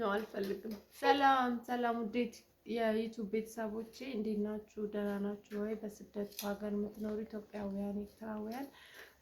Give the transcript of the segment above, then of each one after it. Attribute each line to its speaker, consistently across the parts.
Speaker 1: ነው አልፈልግም። ሰላም ሰላም፣ ውዴት የዩቱብ ቤተሰቦቼ እንዴት ናችሁ? ደህና ናችሁ ወይ? በስደት በሀገር የምትኖሩ ኢትዮጵያውያን፣ ኤርትራውያን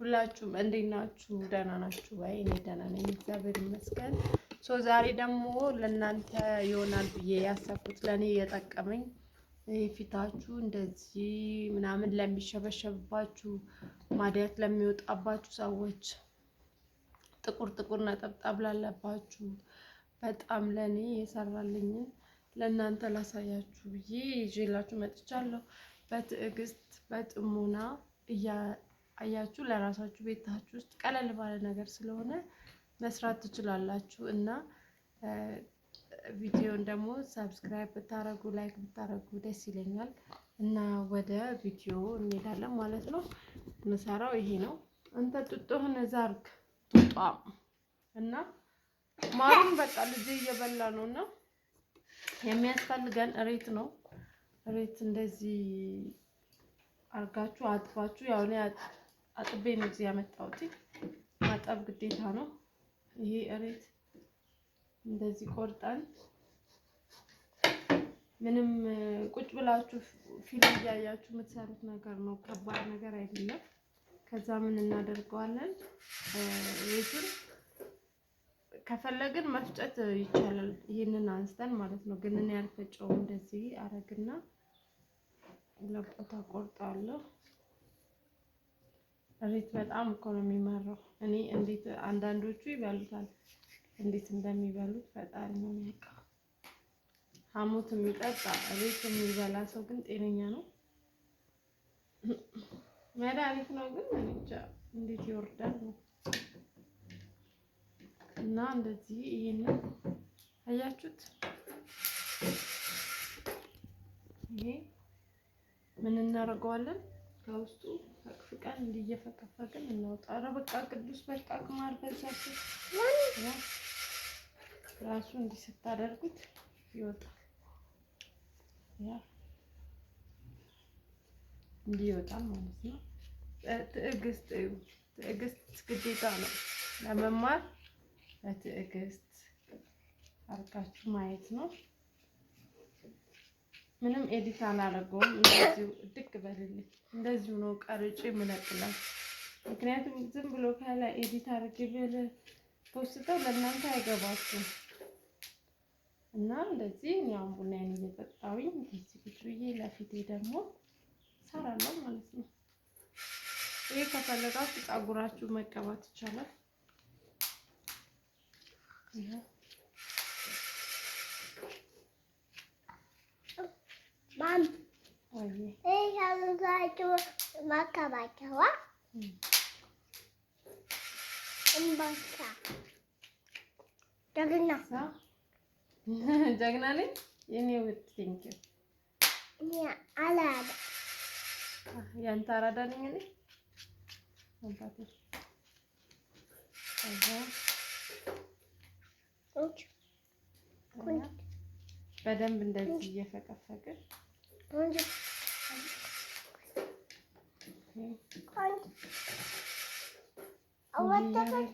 Speaker 1: ሁላችሁም እንዴት ናችሁ? ደህና ናችሁ ወይ? እኔ ደህና ነኝ፣ እግዚአብሔር ይመስገን። ሶ ዛሬ ደግሞ ለእናንተ ይሆናል ብዬ ያሰብኩት ለእኔ የጠቀመኝ ፊታችሁ እንደዚህ ምናምን ለሚሸበሸብባችሁ፣ ማዲያት ለሚወጣባችሁ ሰዎች፣ ጥቁር ጥቁር ነጠብጣብ ላለባችሁ በጣም ለእኔ የሰራልኝን ለእናንተ ላሳያችሁ ብዬ ይዤላችሁ መጥቻለሁ። በትዕግስት በጥሞና እያያችሁ ለራሳችሁ ቤታችሁ ውስጥ ቀለል ባለ ነገር ስለሆነ መስራት ትችላላችሁ እና ቪዲዮን ደግሞ ሰብስክራይብ ብታረጉ ላይክ ብታረጉ ደስ ይለኛል። እና ወደ ቪዲዮ እንሄዳለን ማለት ነው። ምሰራው ይሄ ነው። እንተ ጡጦህን ዛርግ ጡጧም እና ማሩን በቃ ልጅ እየበላ ነው እና የሚያስፈልገን እሬት ነው። እሬት እንደዚህ አርጋችሁ አጥባችሁ ያው እኔ አጥቤ ነው እዚህ ያመጣሁት። ማጠብ ግዴታ ነው። ይሄ እሬት እንደዚህ ቆርጠን ምንም ቁጭ ብላችሁ ፊልም እያያችሁ የምትሰሩት ነገር ነው። ከባድ ነገር አይደለም። ከዛ ምን እናደርገዋለን እሬቱን ከፈለግን መፍጨት ይቻላል። ይህንን አንስተን ማለት ነው። ግን እኔ ያልፈጨው እንደዚህ አረግና ለቦታ ቆርጣለሁ። እሬት በጣም እኮ ነው የሚመራው። እኔ እንዴት አንዳንዶቹ ይበሉታል፣ እንዴት እንደሚበሉት ፈጣሪ ነው የሚያውቀው። ሐሞት የሚጠጣ እሬት የሚበላ ሰው ግን ጤነኛ ነው። መድኃኒት ነው ግን እንዴት ይወርዳል ነው እና እንደዚህ ይሄንን አያችሁት። ይሄ ምን እናደርገዋለን? ከውስጡ ፈቅፍቀን እንዲህ እየፈቀፈቅን እናውጣ። ኧረ በቃ ቅዱስ በቃ ቅማል ራሱ እንዲህ ስታደርጉት ይወጣል። ያ እንዲወጣ ማለት ነው። ትዕግስት ትዕግስት ግዴታ ነው ለመማር በትዕግስት አርቃችሁ ማየት ነው። ምንም ኤዲት አላደረገውም። እንደዚሁ ድቅ በልልኝ። እንደዚሁ ነው ቀርጭ ምለቅላት። ምክንያቱም ዝም ብሎ ከላይ ኤዲት አድርጌ ብል ፖስተው ለእናንተ አይገባችሁም
Speaker 2: እና እንደዚህ ያው ቡናዬን እየጠጣሁኝ እንደዚህ ቁጭ ብዬ ለፊቴ ደግሞ ሰራለሁ ማለት ነው። ይህ ከፈለጋችሁ ፀጉራችሁ
Speaker 1: መቀባት ይቻላል።
Speaker 2: ማከባቸዋ እምባሳ
Speaker 1: ጀግና ነኝ የኔ አራዳ ነኝ እኔ
Speaker 2: በደንብ እንደዚህ እየፈቀፈቅን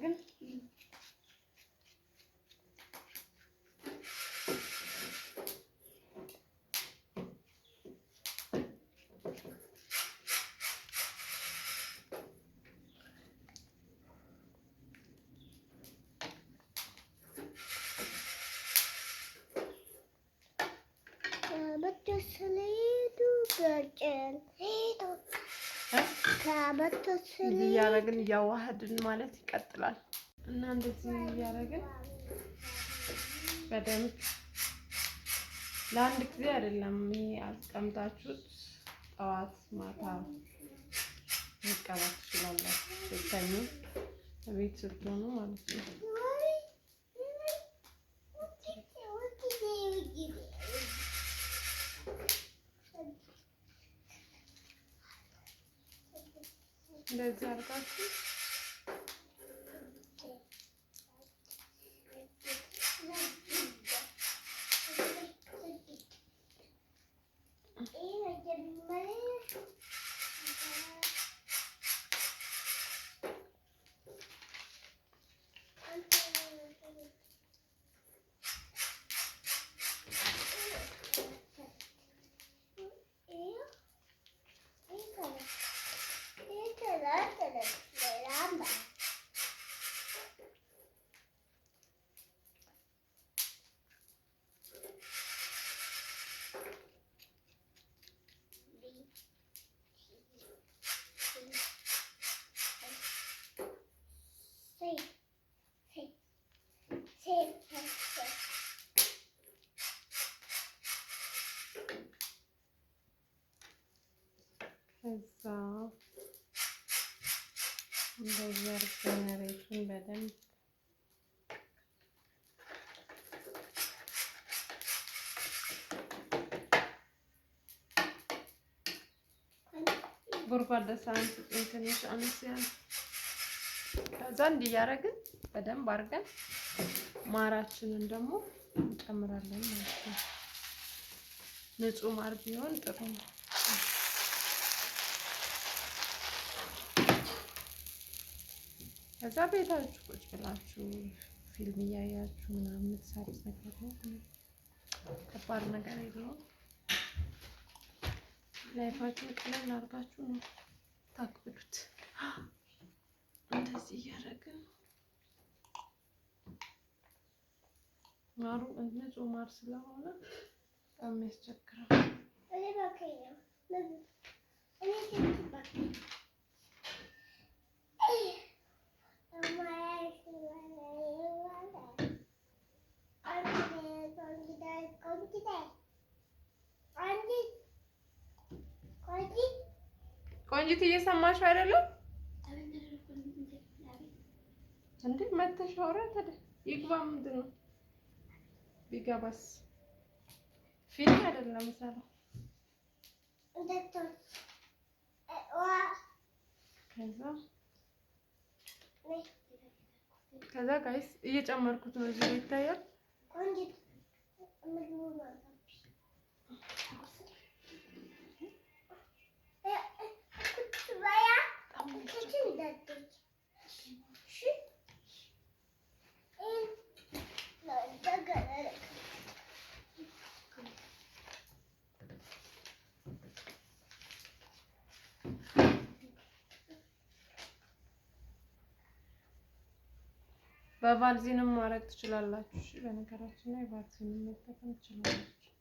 Speaker 1: ግን ስለሄዱ ገርጨን ሄዱ ከአመቶ እያዋህድን ማለት ይቀጥላል እና እንደዚህ እያረግን በደንብ ለአንድ ጊዜ አይደለም። ይሄ አስቀምጣችሁት ጠዋት ማታ መቀባት ትችላላችሁ። ስትተኙ ቤት ስትሆኑ ማለት
Speaker 2: ነው። እንደዚህ አድርጋችሁ
Speaker 1: መጀመሪያ ከዛ እንደዚህ አድርገን መሬቱን
Speaker 2: በደንብ ጎርጓዳ ሳህን ስጠኝ ትንሽ አነስ ያለ ከዛ እንዲያረግን በደንብ አድርገን ማራችንን ደግሞ እንጨምራለን
Speaker 1: ማለት ነው። ንጹህ ማር ቢሆን ጥሩ ነው። ከዛ ቤታችሁ ቁጭ ብላችሁ ፊልም እያያችሁ ምናምን የምትሰሩት ነገር ነው። ከባድ ነገር የለውም። ላይፋችሁ ቀለል አድርጋችሁ ነው ታክብዱት። እንደዚህ እያደረግን ማሩ ንጹህ ማር ስለሆነ በጣም ያስቸግራል። ቆንጂት እየሰማሽ አይደለም እንዴ? መተሽ አውራ ታዲያ ይግባ። ምንድን ነው ቢገባስ?
Speaker 2: ፊልም አይደለም ሰራ ከዛ ከዛ ጋይስ እየጨመርኩት ነው። እዚህ ይታያል።
Speaker 1: በቫልዚንም ማድረግ ትችላላችሁ። እሺ በነገራችን ላይ ቫልዚንም መጠቀም ትችላላችሁ።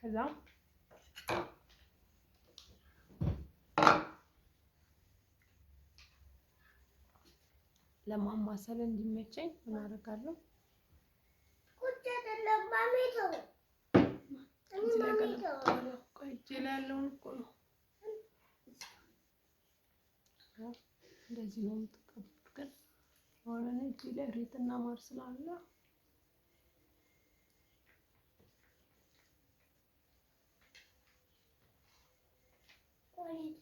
Speaker 1: ከዛ ለማማሰል እንዲመቸኝ ምን አደርጋለሁ? እንደዚህ ነው የምትቀቡት። ግን እጅ ላይ ሬትና ማር ስላለ ቆይ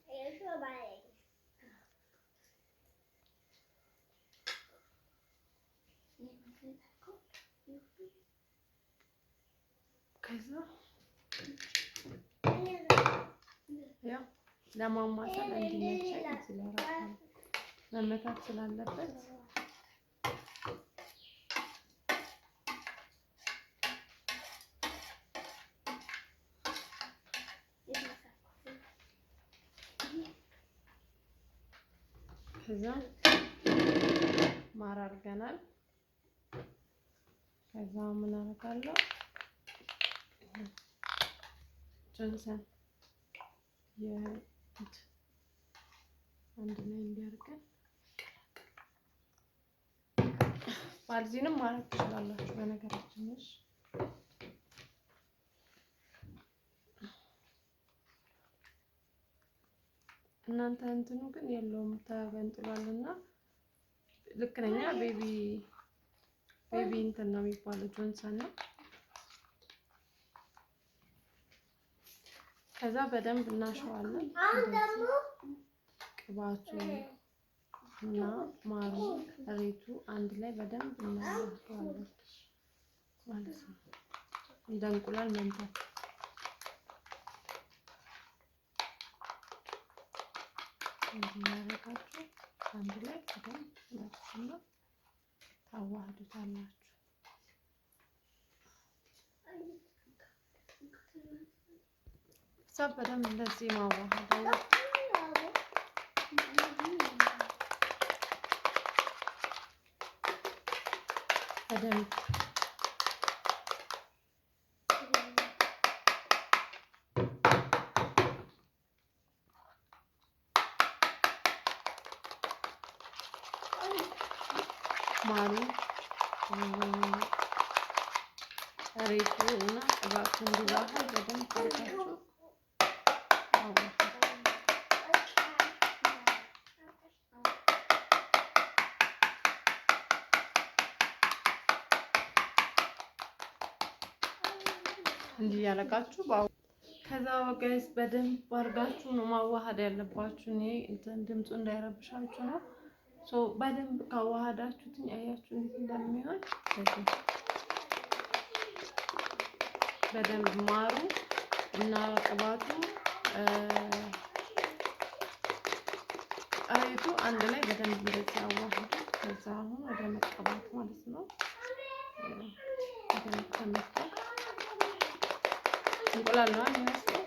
Speaker 1: ከዛ ለማማሰል እንዲመቸኝ መመታት ስላለበት ከዛ ማር አድርገናል። ከዛ ምን አደርጋለሁ? ጨርሰን የት አንድ ላይ እንዲያርገን ባልዚንም ማለት ትችላላችሁ። በነገራችን ውስጥ እናንተ እንትኑ ግን የለውም ተገንጥሏልና ልክ ነኛ ቤቢ ቤቢ እንትን ነው የሚባለው ጆንሰን ነው። ከዛ በደንብ እናሸዋለን። ቅባቱ እና ማሩ ሬቱ አንድ ላይ በደንብ እናሸዋለን ማለት ነው። እንደ እንቁላል መንታት እናደርጋቸው አንድ ላይ በደንብ ታዋህዱታላችሁ። ከዛ በደንብ እንደዚህ ማዋሃድ በደንብ ማሩ ሬቱ እና ቅባቱ እንዲዋሃ በደንብ አርጋችሁ እንዲህ ያለቃችሁ ከዛ ወጋይስ በደንብ አርጋችሁ ነው ማዋሃድ ያለባችሁ። እኔ እንትን ድምፁ እንዳይረብሻችሁ ነው። በደንብ ካዋሃዳችሁትኝ አያችሁ እንዴት እንደሚሆን በደንብ ማሩ እና ቅባቱ እሬቱ አንድ ላይ በደንብ እንደዚህ አዋህዱ። ከዛ አሁን ወደ መቀባት ማለት ነው። እንቁላል ነው የሚመስለው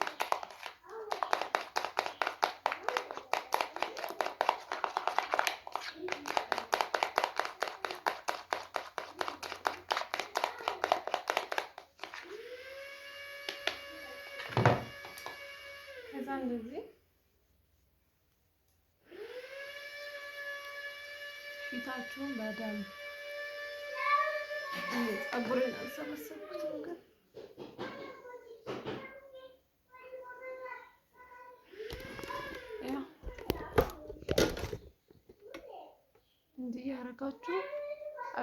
Speaker 1: ከዛ እንደዚህ ፊታችሁን በደንብ ጸጉሬን አልሰበሰብኩትም ግን እንዲህ ያደረጋችሁ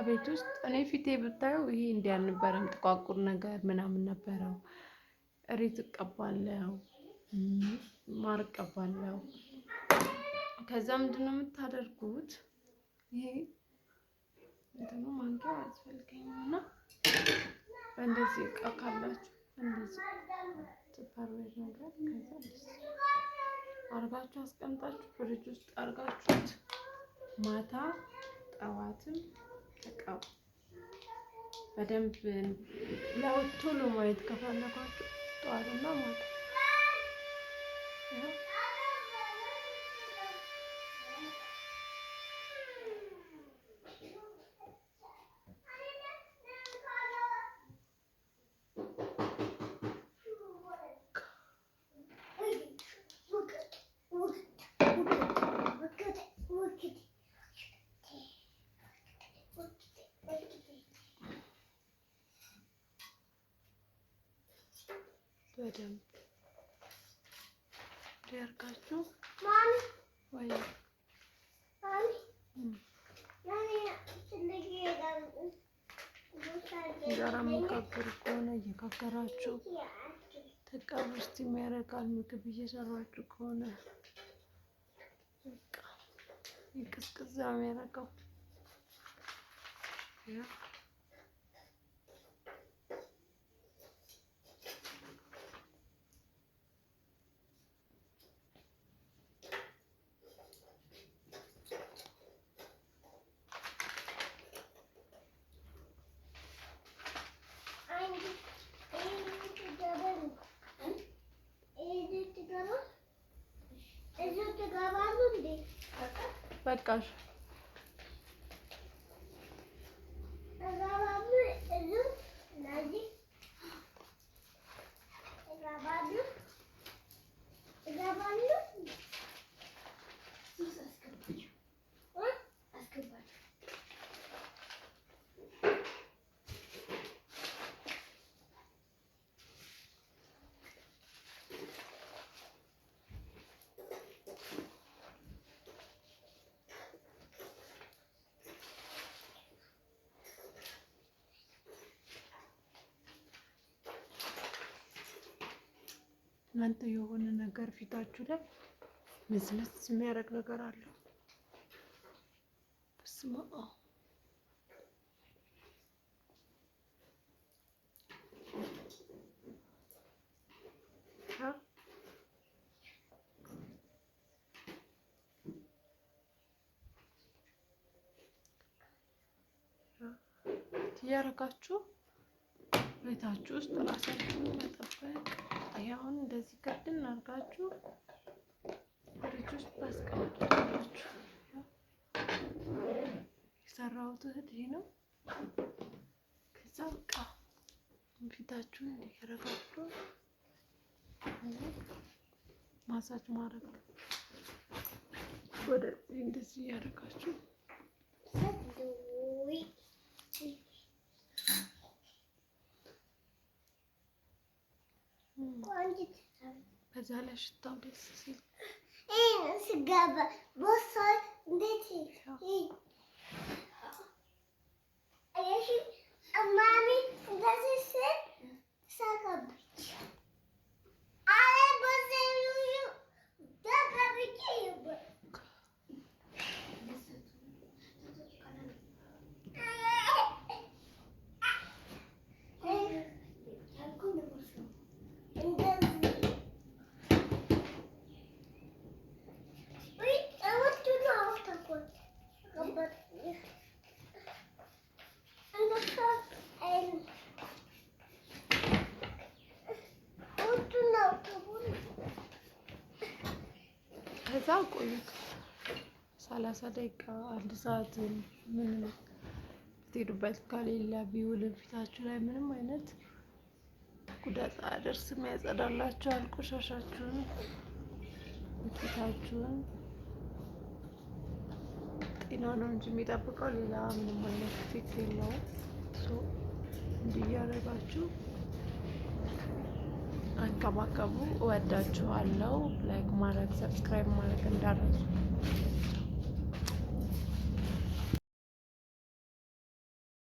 Speaker 1: አቤት ውስጥ እኔ ፊቴ ብታየው ይሄ እንዲያልነበረም ጥቋቁር ነገር ምናምን ነበረው። እሬት እቀባለሁ ማር ቀባለሁ። ከዛ ምንድን ነው የምታደርጉት? ይሄ እንትኑ ማንኪያ አያስፈልገኝም እና እንደዚህ እቃ ካላችሁ እንደዚህ ትፈርቤት ነገር ከዛ ደስ አርጋችሁ አስቀምጣችሁ ፍሪጅ ውስጥ አርጋችሁት ማታ ጠዋትም ተቀቡ። በደንብ ለውጥ ቶሎ ማየት ከፈለጋችሁ ጠዋትና ማታ Böyle ያርጋችሁ። እንጀራ መጋገር ከሆነ እየጋገራችሁ ተቀብ ውስጥ የሚያደርጋል። ምግብ እየሰራችሁ ከሆነ
Speaker 2: ቅዝቅዝ የሚያደርገው በቃሽ።
Speaker 1: እናንተ የሆነ ነገር ፊታችሁ ላይ መዝመዝ የሚያደርግ ነገር አለው። በስመ አብ ቤታችሁ ውስጥ ራሳችሁን መጠበቅ ይሄ አሁን እንደዚህ ቀድን አድርጋችሁ ፍሪጅ ውስጥ ታስቀምጡታላችሁ። የሰራሁት እህል ይሄ ነው። ከዛ በቃ ፊታችሁን እንዲረጋግጡ ማሳጅ ማድረግ ወደ እንደዚህ እያደረጋችሁ Mas olha, acho tão difícil.
Speaker 2: Ei, esse gaba, vou só dedinho. Ei. A mami deve ser sacabitinha.
Speaker 1: ጋር ቆዩ ሰላሳ ደቂቃ አንድ ሰዓት ምንም ትሄዱበት ከሌለ ቢውልም ፊታችሁ ላይ ምንም አይነት ጉዳት አያደርስም። ያጸዳላችኋል ቆሻሻችሁን፣ ፊታችሁን ጤና ነው እንጂ የሚጠብቀው ሌላ ምንም አይነት ፊት የለውም። እያደረጋችሁ አንከባከቡ። እወዳችኋለሁ። ላይክ ማድረግ ሰብስክራይብ ማድረግ እንዳረሱ